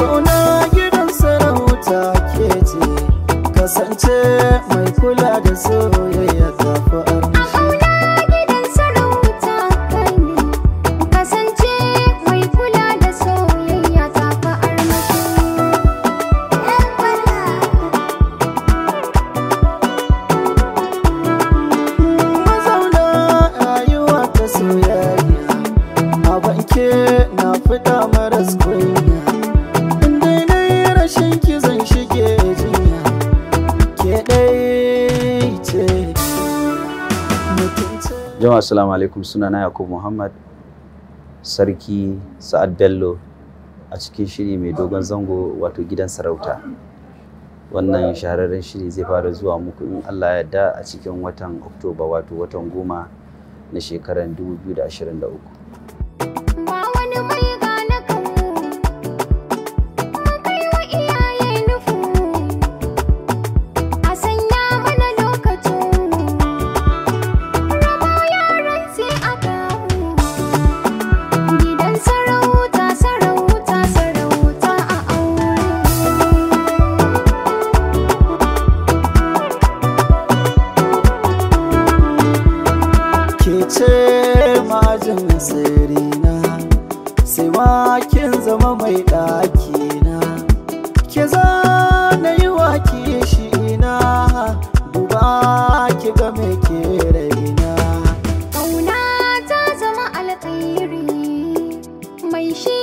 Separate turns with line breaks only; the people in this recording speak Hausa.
Kauna gidan sarauta ke ce, kasance mai kula da soyayya zafi
jama'a assalamu alaikum suna na yakub muhammad sarki sa'ad bello a cikin shiri mai dogon zango wato gidan sarauta wannan shahararren shiri zai fara zuwa muku in allah yarda a cikin watan oktoba wato watan goma na shekarar 2023
sirina sai ma kin zama mai ɗakina ke za na yi wa ina duba ki ga mai ke raina ƙauna ta
zama alkhairi mai shi